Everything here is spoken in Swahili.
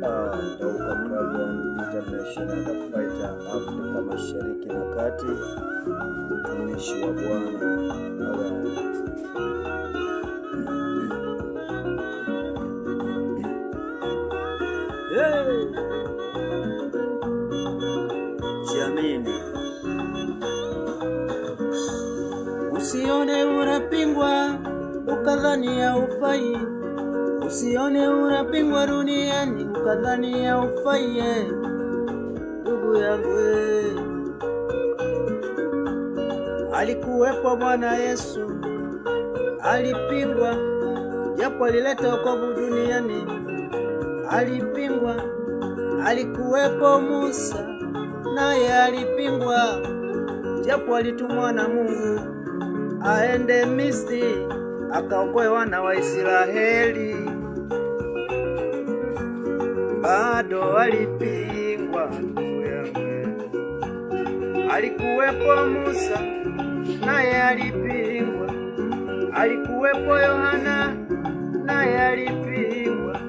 Dauka Dragon International Fighter Afrika Mashariki na Kati, mtumishi wa Bwana jamini, usione unapingwa ukadhani ufai Usione unapingwa duniani ukadhani ya ufaye ndugu yangu. Alikuwepo Bwana Yesu, alipingwa japo alileta wokovu duniani, alipingwa. Alikuwepo Musa naye alipingwa japo alitumwa na Mungu aende Misri akaokoe wana wa Israeli bado walipingwa. Alikuwepo Musa naye alipingwa, alikuwepo Yohana naye alipingwa